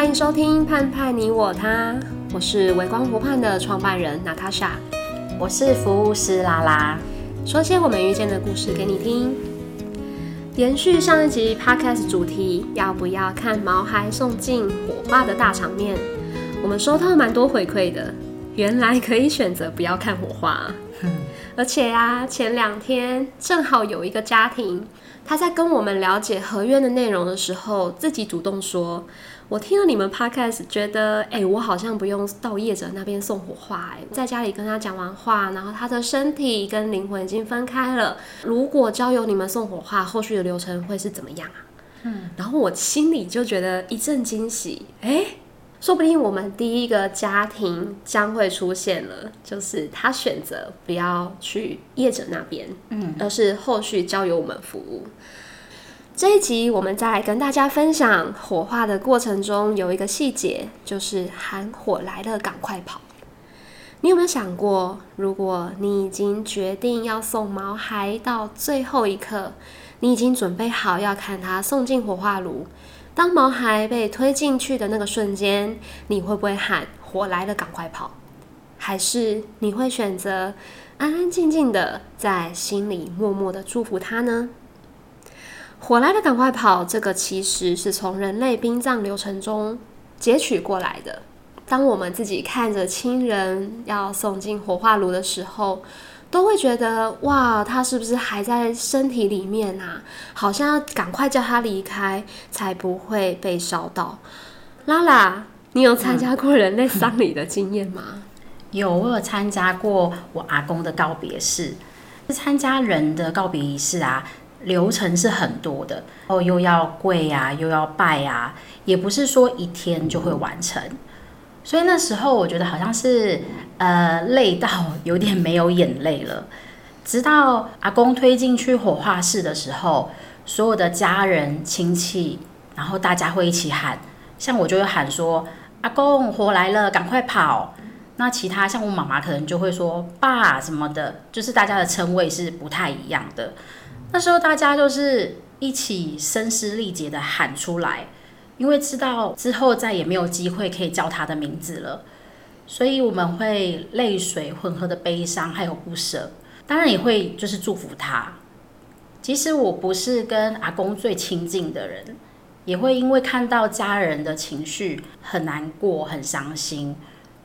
歡迎收聽《盼盼你我他》，我是微光湖盼的創辦人娜塔莎，我是服務師拉拉，說些我們遇見的故事給你聽。延續上一集 podcast 主題，要不要看毛孩送進火化的大場面？我們收到蠻多回饋的，原來可以選擇不要看火化。嗯、而且呀、啊，前兩天正好有一個家庭，他在跟我們了解合約的內容的時候，自己主動說：“我聽了你們 podcast 覺得哎、欸，我好像不用到業者那邊送火化哎、欸，在家裡跟他講完話，然後他的身體跟靈魂已經分開了。如果交由你們送火化，後續的流程會是怎麼樣啊？”嗯，然後我心裡就覺得一陣驚喜，哎、欸。說不定我們第一個家庭將會出現了，就是他選擇不要去業者那邊，嗯，而是後續交由我們服務。嗯嗯。這一集我們在跟大家分享火化的過程中有一個細節，就是喊火來了，趕快跑。你有沒有想過，如果你已經決定要送毛孩到最後一刻，你已經準備好要看他送進火化爐？當毛孩被推進去的那個瞬間，你會不會喊“火來了，趕快跑”？還是你會選擇安安靜靜的在心裡默默的祝福他呢？火來了，趕快跑！這個其實是從人類殯葬流程中截取過來的。當我們自己看着親人要送進火化爐的時候，都會覺得哇，他是不是還在身體裡面啊？好像要趕快叫他離開，才不會被燒到。拉拉，嗯，你有參加過人類喪禮的經驗嗎？嗯 有，我有參加過我阿公的告別式。參加人的告別儀式啊，流程是很多的，哦，又要跪啊，又要拜啊，也不是說一天就會完成。所以那時候我覺得好像是，呃，累到有點沒有眼淚了。直到阿公推進去火化室的時候，所有的家人、親戚，然後大家會一起喊，像我就會喊說：“阿公火來了，趕快跑！”那其他像我媽媽可能就會說“爸”什麼的，就是大家的稱謂是不太一樣的。那時候大家就是一起聲嘶力竭的喊出來。因為知道之後再也沒有機會可以叫他的名字了，所以我們會淚水混合的悲傷還有不舍，當然也會就是祝福他。即使我不是跟阿公最親近的人，也會因為看到家人的情緒很難過、很傷心，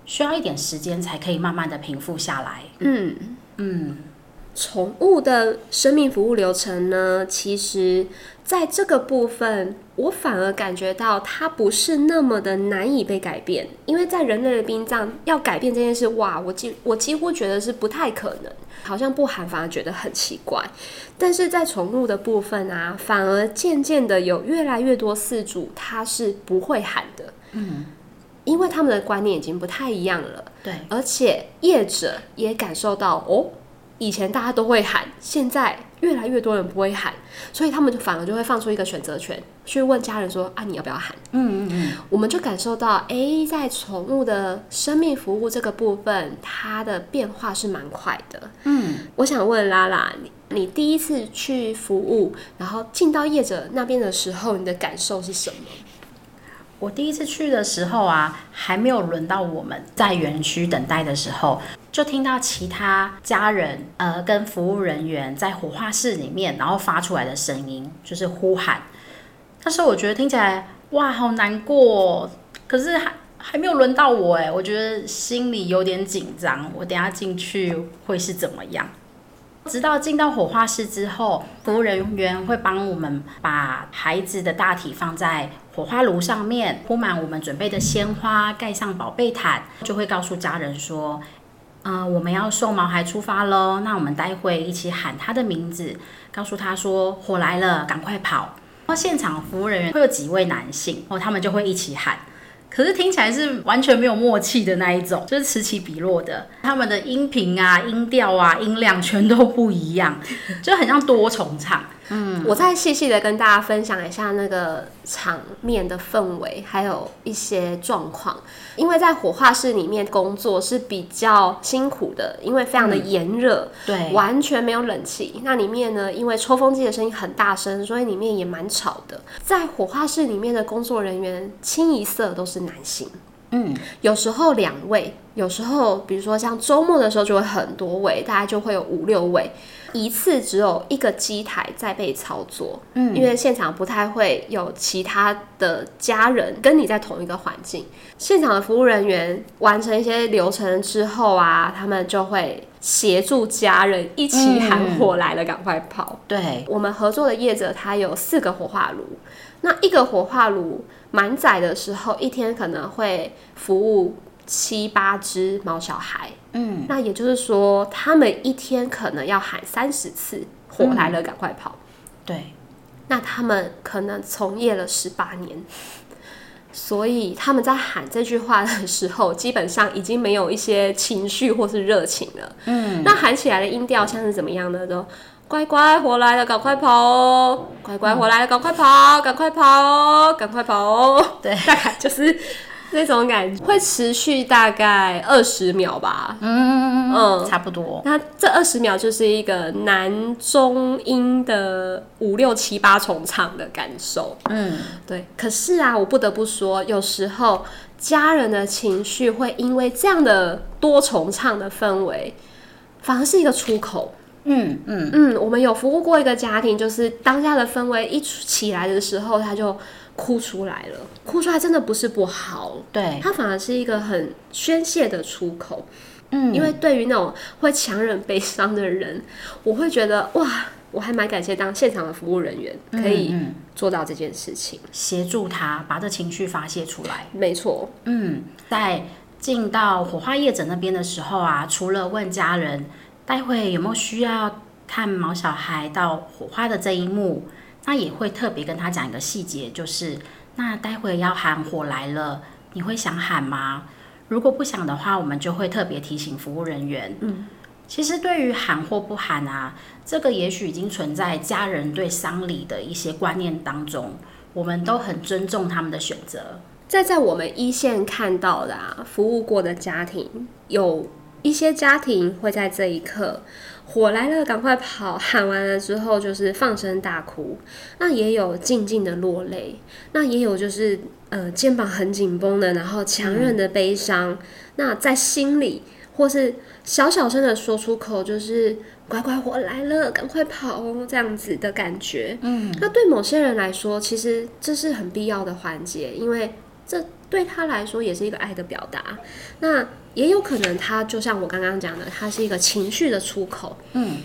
需要一點時間才可以慢慢的平復下來。嗯嗯。寵物的生命服務流程呢，其實在這個部分，我反而感覺到它不是那麼的難以被改變。因為在人類的殯葬要改變這件事，哇，我幾我幾乎覺得是不太可能，好像不喊反而覺得很奇怪。但是在寵物的部分啊，反而漸漸的有越來越多飼主他是不會喊的，嗯，因為他們的觀念已經不太一樣了，對，而且業者也感受到哦。以前大家都會喊，現在越來越多人不會喊，所以他們就反而就會放出一個選擇權，去問家人說：“啊，你要不要喊？”嗯嗯嗯，我們就感受到，哎、欸，在寵物的生命服務這個部分，它的變化是蠻快的。嗯，我想問拉拉，你你第一次去服務，然後進到業者那邊的時候，你的感受是什麼？我第一次去的時候啊，還沒有輪到我們在園區等待的時候。就聽到其他家人呃跟服務人員在火化室裡面，然後發出來的聲音就是呼喊。但是我覺得聽起來哇，好難過哦。可是還還沒有輪到我誒，我覺得心裡有點緊張，我等下進去會是怎麼樣？直到進到火化室之後，服務人員會幫我們把孩子的大體放在火化爐上面，鋪滿我們準備的鮮花，蓋上寶貝毯，就會告訴家人說啊、呃，我們要送毛孩出發嘍。那我們待會一起喊他的名字，告訴他說，火來了，趕快跑。那現場服務人員會有幾位男性哦，他們就會一起喊，可是聽起來是完全沒有默契的那一種，就是此起彼落的，他們的音頻啊、音調啊、音量全都不一樣，就很像多重唱。嗯，我再細細的跟大家分享一下那個場面的氛圍，還有一些狀況。因為在火化室裡面工作是比較辛苦的，因為非常的炎熱，對，嗯，完全沒有冷氣。那裡面呢，因為抽風機的聲音很大聲，所以裡面也蠻吵的。在火化室裡面的工作人員清一色都是男性，嗯，有時候兩位，有時候比如說像週末的時候就會很多位，大概就會有五六位。一次只有一個機台在被操作，嗯，因為現場不太會有其他的家人跟你在同一個環境。現場的服務人員完成一些流程之後啊，他們就會協助家人一起喊「火來了，嗯、趕快跑」。對，我們合作的業者他有四個火化爐，那一個火化爐滿載的時候，一天可能會服務。七八隻毛小孩，嗯，那也就是說，他們一天可能要喊三十次“火來了，趕快跑”。對，那他們可能從業了十八年，所以他們在喊這句話的時候，基本上已經沒有一些情緒或是熱情了。嗯，那喊起來的音調像是怎麼樣呢？都乖乖，火來了，趕快跑哦！乖乖，火來了，趕快跑，趕快跑哦，趕快跑哦！對，大概就是。 那這種感覺會持續大概二十秒吧，嗯嗯嗯嗯，差不多。那這二十秒就是一個男中音的五六七八重唱的感受，嗯，對。可是啊，我不得不說，有時候家人的情緒會因為這樣的多重唱的氛圍，反而是一個出口。嗯嗯嗯，我們有服務過一個家庭，就是當下的氛圍一起來的時候，他就哭出來了。哭出來真的不是不好，對他反而是一個很宣洩的出口。嗯，因為對於那種會強忍悲傷的人，我會覺得哇，我還蠻感謝當現場的服務人員可以做到這件事情，嗯嗯、協助他把這情緒發洩出來。沒錯，嗯，在進到火化業者那邊的時候啊，除了問家人待會有沒有需要看毛小孩到火化的這一幕，他也會特別跟他講一個細節，就是。那待會要喊火來了，你會想喊嗎？如果不想的話，我們就會特別提醒服務人員。嗯，其實對於喊或不喊啊，這個也許已經存在家人對喪禮的一些觀念當中，我們都很尊重他們的選擇。在，在我們一線看到的，啊，服務過的家庭，有一些家庭會在這一刻。火來了，趕快跑！喊完了之後，就是放聲大哭。那也有靜靜的落淚，那也有就是呃肩膀很緊繃的，然後強忍的悲傷，嗯。那在心裡或是小小聲的說出口，就是“乖乖，火來了，趕快跑”這樣子的感覺。嗯，那對某些人來說，其實這是很必要的環節，因為這。對他來說也是一個愛的表達，那也有可能他就像我剛剛講的，他是一個情緒的出口。嗯，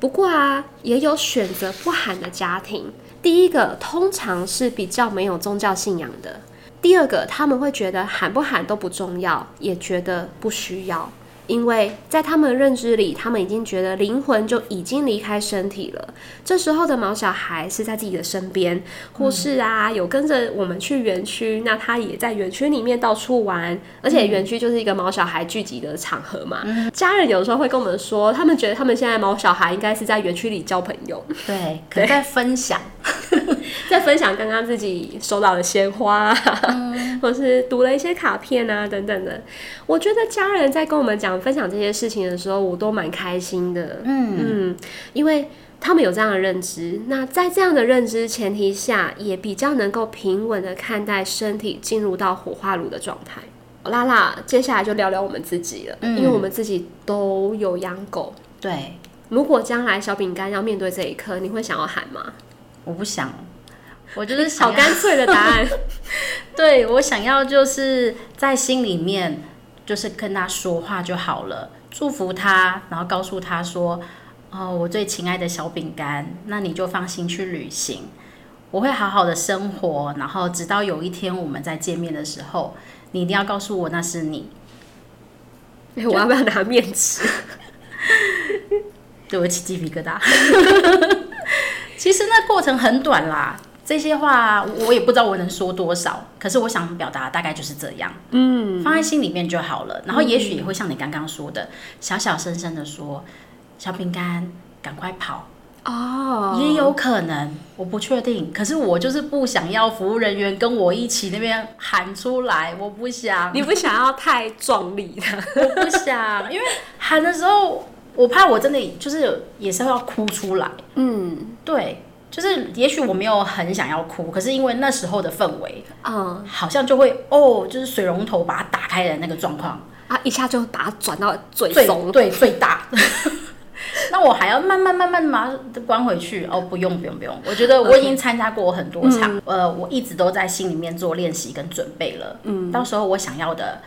不過啊，也有選擇不喊的家庭。第一個通常是比較沒有宗教信仰的第二個他們會覺得喊不喊都不重要，也覺得不需要。因為在他們的認知裡，他們已經覺得靈魂就已經離開身體了。這時候的毛小孩是在自己的身邊，或是啊有跟着我們去園區，那他也在園區裡面到處玩。而且園區就是一個毛小孩聚集的場合嘛。家人有時候會跟我們說，他們覺得他們現在毛小孩應該是在園區裡交朋友，對，對，可能在分享。 在分享剛剛自己收到的鮮花，或、嗯、是讀了一些卡片啊等等的，我覺得家人在跟我們講分享這些事情的時候，我都蠻開心的。嗯嗯，因為他們有這樣的認知，那在這樣的認知前提下，也比較能夠平穩的看待身體進入到火化爐的狀態。好啦啦，接下來就聊聊我們自己了，嗯、因為我們自己都有養狗。對，如果將來小餅乾要面對這一刻，你會想要喊嗎？我不想。我就是想好乾脆的答案 對，對，我想要就是在心裡面就是跟他說話就好了，祝福他，然後告訴他說：“哦，我最親愛的小餅乾，那你就放心去旅行，我會好好的生活，然後直到有一天我們再見面的時候，你一定要告訴我那是你。欸”我要不要拿面紙？ 對，我起雞皮疙瘩。 其實那過程很短啦。這些話我也不知道我能說多少，可是我想表達大概就是這樣，嗯，放在心裡面就好了。然後也許也會像你剛剛說的，嗯、小小聲聲的說：“小餅乾，趕快跑。”哦，也有可能，我不確定。可是我就是不想要服務人員跟我一起那邊喊出來，我不想，你不想要太壯麗的， 我不想，因為喊的時候，我怕我真的就是也是要哭出來。嗯，對。就是，也許我沒有很想要哭，嗯，可是因為那時候的氛圍，嗯，好像就會哦，就是水龍頭把它打開的那個狀況，啊，一下就把它轉到最對，對，最大。 那我還要慢慢慢慢把它關回去？哦，不用不用不用，我覺得我已經參加過很多場，okay. 嗯，呃，我一直都在心裡面做練習跟準備了。嗯，到時候我想要的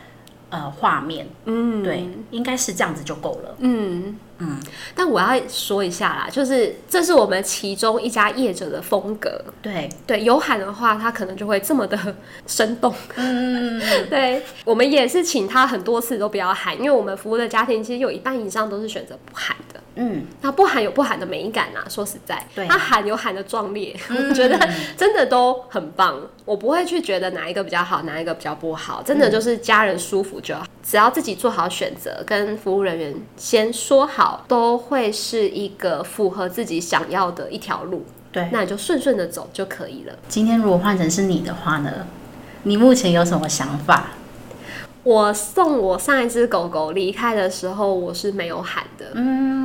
呃畫面，嗯，對，應該是這樣子就夠了。嗯。嗯，但我要說一下啦，就是這是我們其中一家業者的風格。對對，有喊的話，他可能就會這麼的生動。嗯 對，我們也是請他很多次都不要喊，因為我們服務的家庭其實有一半以上都是選擇不喊的。嗯，他不喊有不喊的美感啊。說實在，對啊，他喊有喊的壯烈，嗯， 我覺得真的都很棒。我不會去覺得哪一個比較好，哪一個比較不好，真的就是家人舒服就好，嗯，只要自己做好選擇，跟服務人員先說好，都會是一個符合自己想要的一條路。對，那你就順順的走就可以了。今天如果換成是你的話呢？你目前有什麼想法？嗯，我送我上一隻狗狗離開的時候，我是沒有喊的。嗯。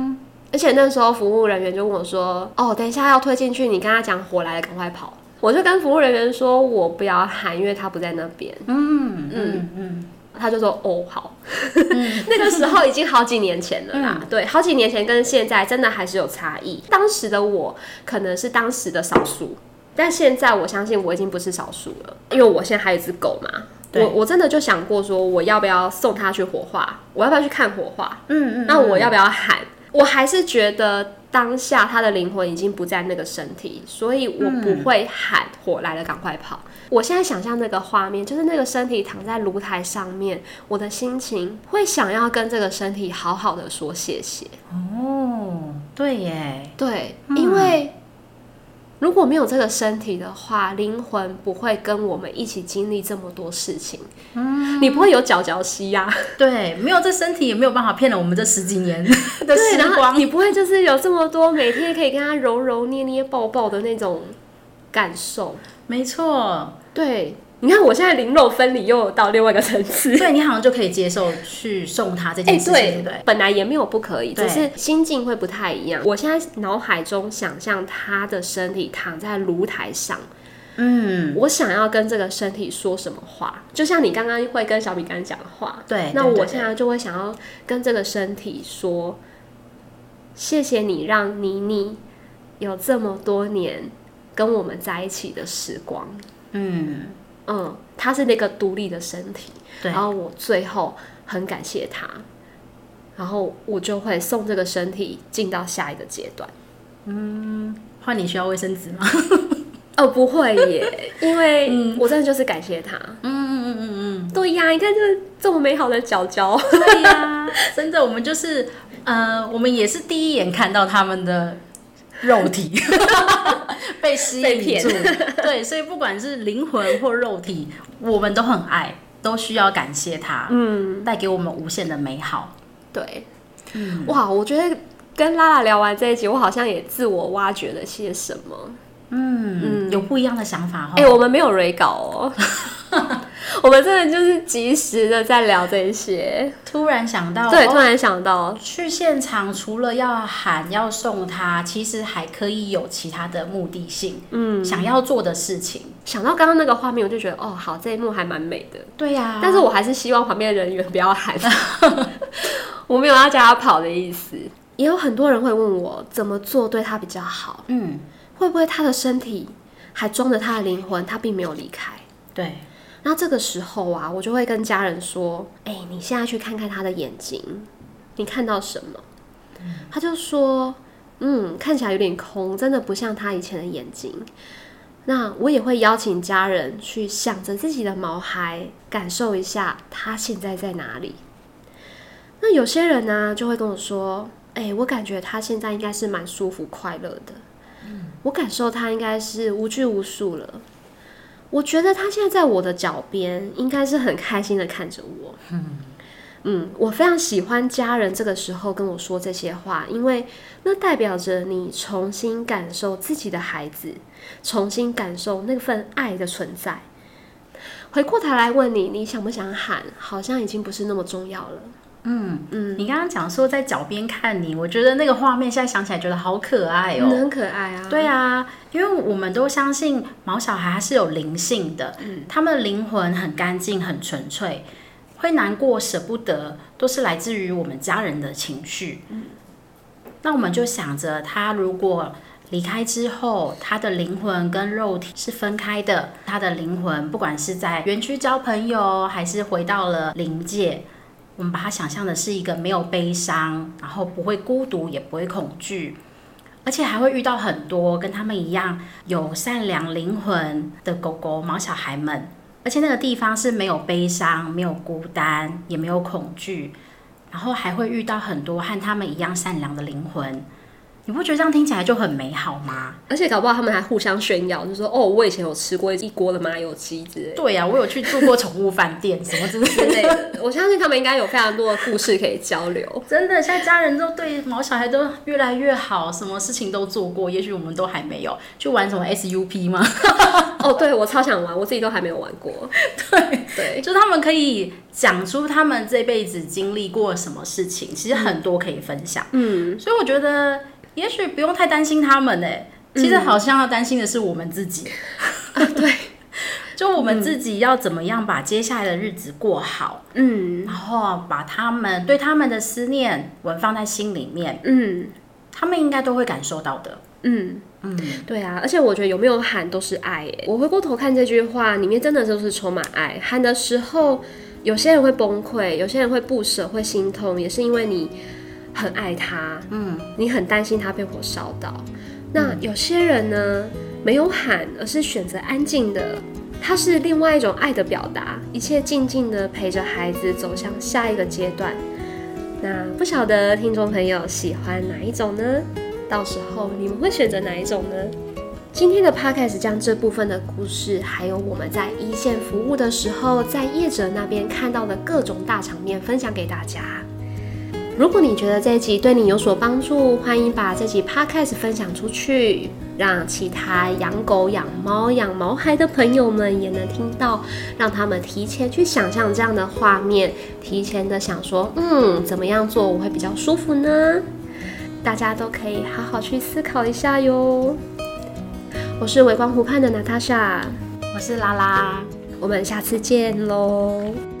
而且那時候服務人員就問我說：“哦，等一下要推進去，你跟他講火來了，趕快跑。”我就跟服務人員說：“我不要喊，因為他不在那邊。”嗯嗯嗯，他就說：“哦，好。嗯” 那個時候已經好幾年前了啦、嗯。對，好幾年前跟現在真的還是有差異。當時的我可能是當時的少數，但現在我相信我已經不是少數了，因為我現在還有一隻狗嘛。我我真的就想過說，我要不要送它去火化？我要不要去看火化？嗯嗯，嗯，那我要不要喊？我還是覺得當下他的靈魂已經不在那個身體，所以我不會喊火來了趕快跑、嗯。我現在想象那個畫面，就是那個身體躺在爐台上面，我的心情會想要跟這個身體好好的說謝謝。哦，對耶，對，嗯、因為。如果沒有這個身體的話，靈魂不會跟我們一起經歷這麼多事情。嗯，你不會有腳腳吸呀。對，沒有這身體也沒有辦法騙了我們這十幾年 的時光。 你不會就是有這麼多每天可以跟他揉揉捏捏、抱抱的那種感受。沒錯，對。你看，我現在靈肉分離又到另外一個層次 對，對你好像就可以接受去送他這件事，欸、對對，本來也沒有不可以，只是心境會不太一樣。我現在腦海中想象他的身體躺在爐台上，嗯，我想要跟這個身體說什麼話，就像你剛剛會跟小米剛講話，對，那我現在就會想要跟這個身體說對對對，謝謝你讓妮妮有這麼多年跟我們在一起的時光，嗯。嗯，他是那個獨立的身體，對，然後我最後很感謝他，然後我就會送這個身體進到下一個階段。嗯，換你需要衛生紙嗎？哦，不會耶， 因為我真的就是感謝他。嗯嗯嗯嗯嗯，對呀、啊，你看這，就是這麼美好的腳腳。 對呀、啊，真的，我們就是， 呃，我們也是第一眼看到他們的肉體。 被吸引住，被騙。對，所以不管是靈魂或肉體， 我們都很愛，都需要感謝他，嗯，帶給我們無限的美好。對，嗯、哇，我覺得跟拉拉聊完這一集，我好像也自我挖掘了些什麼，嗯，嗯有不一樣的想法。哎、欸，我們沒有 Re 稿哦。 我們真的就是及時的在聊這些，突然想到，對，突然想到、哦、去現場除了要喊要送他、嗯，其實還可以有其他的目的性，嗯，想要做的事情。想到剛剛那個畫面，我就覺得哦，好，這一幕還蠻美的。對呀、啊，但是我還是希望旁邊人員不要喊， 我沒有要叫他跑的意思。也有很多人會問我怎麼做對他比較好，嗯，會不會他的身體還裝着他的靈魂，他並沒有離開？對。那這個時候啊，我就會跟家人說：“哎，你現在去看看他的眼睛，你看到什麼？”他就說：“嗯，看起來有點空，真的不像他以前的眼睛。”那我也會邀請家人去想着自己的毛孩，感受一下他現在在哪裡。那有些人呢，就會跟我說：“哎，我感覺他現在應該是蠻舒服、快樂的。我感受他應該是無拘無束了。”我覺得他現在在我的腳邊，應該是很開心的看着我。嗯。嗯，我非常喜歡家人這個時候跟我說這些話，因為那代表着你重新感受自己的孩子，重新感受那份愛的存在。回過頭來問你，你想不想喊？好像已經不是那麼重要了。嗯嗯，你剛剛講說在腳邊看你，我覺得那個畫面現在想起來覺得好可愛哦。嗯、很可愛啊。對啊、嗯，因為我們都相信毛小孩他是有靈性的，嗯、他們的靈魂很乾淨很純粹，會難過捨不得，都是來自於我們家人的情緒。嗯。那我們就想着，他如果離開之後，他的靈魂跟肉體是分開的，他的靈魂不管是在園區交朋友，還是回到了靈界。我們把它想象的是一個沒有悲傷，然後不會孤獨，也不會恐懼，而且還會遇到很多跟他們一樣有善良靈魂的狗狗、毛小孩們。而且那個地方是沒有悲傷、沒有孤單，也沒有恐懼，然後還會遇到很多和他們一樣善良的靈魂。你不覺得這樣聽起來就很美好嗎？而且搞不好他們還互相炫耀，就說：“哦，我以前有吃過一鍋的麻油雞之類。”對呀、啊，我有去住過寵物飯店 什麼之類的。 我相信他們應該有非常多的故事可以交流。真的，現在家人都對毛小孩都越來越好，什麼事情都做過，也許我們都還沒有去玩什麼 SUP 嗎？ 哦，對，我超想玩，我自己都還沒有玩過。 對對，就是他們可以講出他們這輩子經歷過什麼事情，其實很多可以分享。嗯，所以我覺得。也許不用太擔心他們呢、欸，其實好像要擔心的是我們自己、嗯 啊。對，就我們自己要怎麼樣把接下來的日子過好。嗯，然後把他們對他們的思念，我放在心裡面。嗯，他們應該都會感受到的。嗯嗯，對啊，而且我覺得有沒有喊都是愛、欸、我回過頭看這句話，裡面真的就是充滿愛。喊的時候，有些人會崩潰，有些人會不捨，會心痛，也是因為你。很愛他，嗯，你很擔心他被火燒到、嗯。那有些人呢，沒有喊，而是選擇安靜的，他是另外一種愛的表達。一切靜靜的陪着孩子走向下一個階段。那不曉得聽眾朋友喜歡哪一種呢？到時候你們會選擇哪一種呢？今天的 podcast 將這部分的故事，還有我們在一線服務的時候，在業者那邊看到的各種大場面，分享給大家。如果你覺得這一集對你有所幫助，歡迎把這集 podcast 分享出去，讓其他養狗、養貓、養毛孩的朋友們也能聽到，讓他們提前去想象這樣的畫面，提前的想說，嗯，怎麼樣做我會比較舒服呢？大家都可以好好去思考一下喲。我是微光湖盼的娜塔莎，我是拉拉，我們下次見嘍。